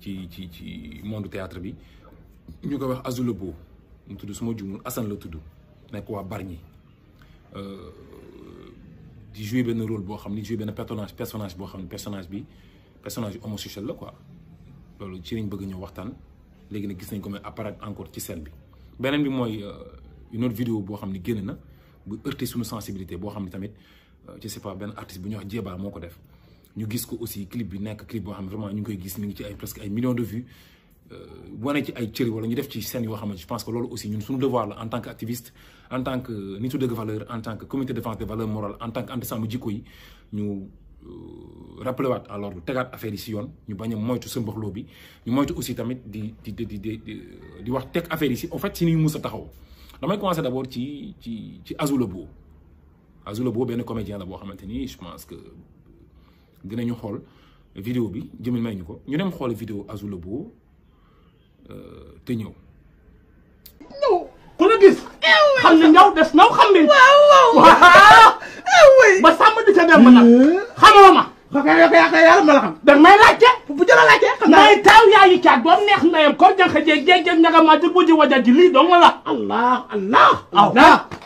ci ci ci monde théâtre bi ñu ko wax Azou Beau mu tudd su ma Il Assane la tudd nekk euh, di jouer rôle bo xamni jouer personnage personnage bo personnage bi personnage homosexuel la quoi loolu ci ñu bëgg ñu waxtan légui nag gis nañ ko mais apparaître encore ci scène bi benen bi euh, une autre vidéo bo xamni bu sensibilité bo xamni euh, sais pas ben artiste bu wax ñu gis ko aussi clip bi nekk clip boo xam vraiment ñu ngi koy gis mi ngi ci ay presque ay millions de vues euh, wane ci ay cëri wala ñu def ci scène yoo xam je pense que loolu aussi ñun suñu devoir la en tant que en tant que nitu de valeur en tant que comité de défense des valeurs morales en tant que anti sàmm jikko yi ñu euh, rappelé waat alors tegaat affaire ici si yoon ñu bañ a moytu sa mboxloo bi ñu moytu aussi tamit di di di di di wax teg affaire ici en fait si ni mus a taxaw damay commencer d'abord abord ci ci ci Azou le Beau Azou le Beau benn comédien la boo xamante je pense que dinañu xol vidéo bi jëmil may ñu ko ñu dem vidéo Le euh, te ñew ñëw ku la gis. xam ñaw des naw xam ne. waaw waaw waaw. Eh, ba di la xam. may bu jëla xam neex ko ñaga ma bu ji la. allah allah allah.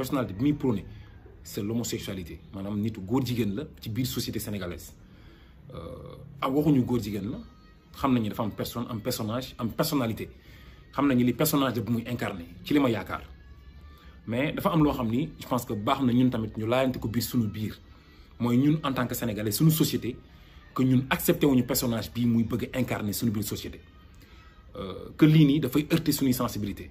personnalité bi muy prôné c'est l'homosexualité manam nit goor jigen la ci biir société sénégalaise euh, ah, waxu ñu goor jigen la xam nañu dafa am personne am personnage am personnalité xam nañu li personnage de bu muy incarner ci lima yaakar mais dafa am lo xamni je pense que baax na ñun tamit ñu laajante ko biir suñu biir moy ñun en tant que sénégalais suñu société que ñun accepté wuñu personnage bi muy bëgg incarner incarné suñu biir société euh, que ni da dafay heurter suñuy sensibilité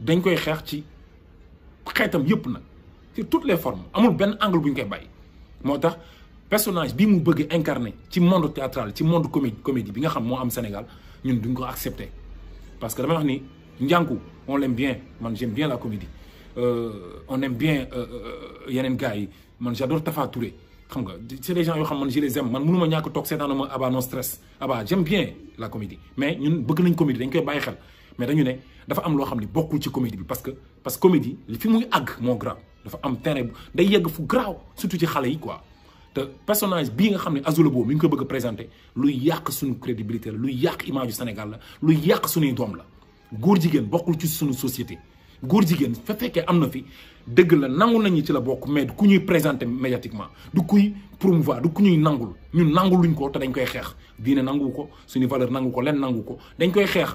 dañ koy xeex ci xeetam yépp nag ci toutes les formes amul benn angle bu ñu koy bàyyi moo tax personnage bi mu bëgg incarné ci monde théâtral ci monde comédie comédie bi nga xam moo am Sénégal ñun duñ ko accepté parce que dama wax ni njànku on l'aime bien man j'aime bien la comédie euh, on aime bien euh, euh, yeneen gars yi man j'adore Tafa Touré xam nga c'est des gens yoo xam man je les aime man mënuma ñàkk toog seetaanuma Abba non stress Abba j'aime bien la comédie mais ñun bëgg nañ comédie dañ koy bàyyi xel mais dañu né dafa am lo xam bokul ci comédie bi parce que parce que comédie fi muy ag mo grand dafa am terrain day yegg fu grave surtout ci xalé yi quoi te personnage bi nga xam ne bo mi ngi ko bëgg a présenté luy yàq suñu crédibilité la luy yàq image du Sénégal la luy yàq suñuy doom la góor jigéen bokul ci suñu société góor jigéen fa féké amna fi deug la nangu nañ ci la bokk mais ku ñuy médiatiquement du kuy promouvoir du ku ñuy nangul ñun nangul luñ ko te dañ koy xex diine nangu ko suñu valeur nangu ko len nangu ko dañ koy xex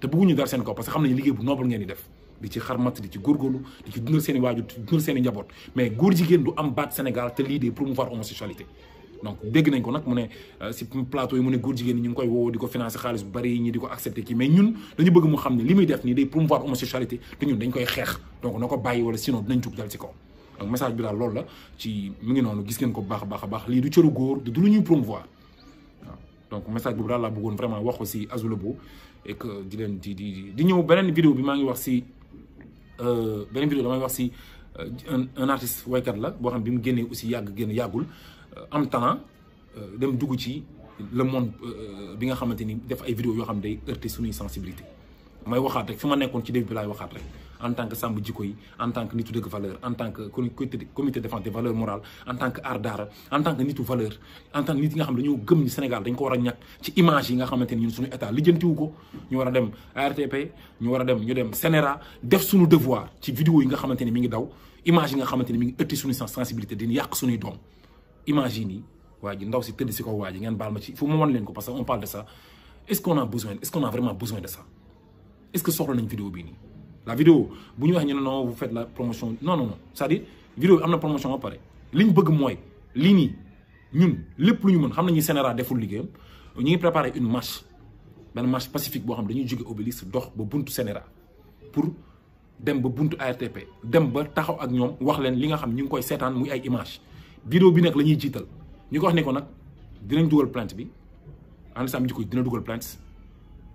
te bëgguñu dara seen kaw parce que xam nañu liggéey bu noble ngeen di def di ci xarmat di di ci góor jigéen te lii de promouvoir homosexualité donc ko nag mu ne euh, si plateau mu ne góor ñu ngi koy woo di ko financer xaalis bu bari ñi di ko accepter kii mais koy xeex donc na ko bàyyi wala sinon dinañ jug dal ci kaw donc message bi daal loolu la ci mu ngi noonu gis a a baax lii du lu ñuy promouvoir donc message boobu daal laa bëggoon vraiment si Azou et que di leen di di di ñëw benen vidéo bi ma ngi wax ci euh benen vidéo dama wax ci euh, un artiste kat la bo xam bi mu génnee aussi yag génn yagul euh, am talent euh, dem dugg ci le monde bi nga xamanteni def ay vidéo yo xam day heurter suñu sensibilité may waxat rek fima nekkon ci début bi laay waxat rek en tant que samba en tant que nitu de valeur en tant que comité défense des valeurs morales en tant que ardar, en tant que nitu valeur en tant que nga xam Sénégal dañ ko a ci image yi nga xamante ñun suñu état ñu dem ñu devoir ci vidéo yi nga xamante mi ngi daw image yi nga mi ngi sensibilité di yàq suñuy doom Imagine, yi ndaw en ngeen parce que on parle de ça est-ce qu'on a besoin est-ce qu'on a vraiment besoin de ça est-ce que nañ vidéo la vidéo bu wax ñu non vous faites la promotion non non non c'est-à-dire vidéo amna promotion ba paré liñ bëgg moy li ni ñun lepp lu ñu xam nañu sénéra préparé une marche Une marche pacifique pour xam dañuy pour Obélisque dox ba buntu pour dem ba buntu ARTP dem ba taxaw ak ñom wax leen li nga xam ñu koy sétane muy ay image vidéo bi nak la jital ko wax ne ko nak dinañ duggal plainte bi en dina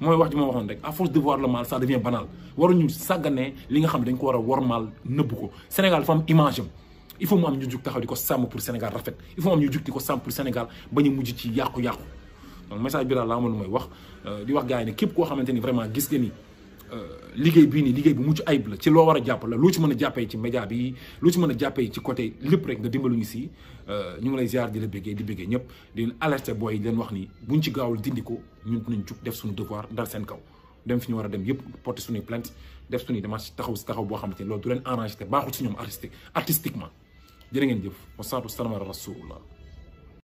moy wax ji ma waxoon rek à force de voir le mal ça devient banal waruñu sagane li nga xam dañ ko wara war mal nëbb ko Sénégal dafa image il faut mo am ñu juk taxaw diko sam pour Sénégal rafet il faut mo am ñu juk diko sam pour Sénégal ba ñu mujj ci yàqu-yàqu donc message bi la laa moy wax euh, di wax gaay ne képp ko xamanteni vraiment gis nga ni Euh, liggéey bi ni liggéey bu mucc ayib la ci loo war a jàpp la loo ci mën a jàppee ci média bi loo ci mën a jàppee ci côté lépp rek nga dimbaluñu si euh, ñu ngi lay ziar di la béggee di béggee ñëpp di leen booy leen wax ni buñ ci gaawul dindi ko ñun dinañ jug def suñu devoir dal seen kaw dem fi ñu war a dem yëpp porter suñuy plainte def suñuy démarche taxaw si taxaw boo xam ni loolu du leen arrangé te baaxul si ñoom artistique artistiquement jërë ngeen jëf wasalaatu salaam ala rasulullah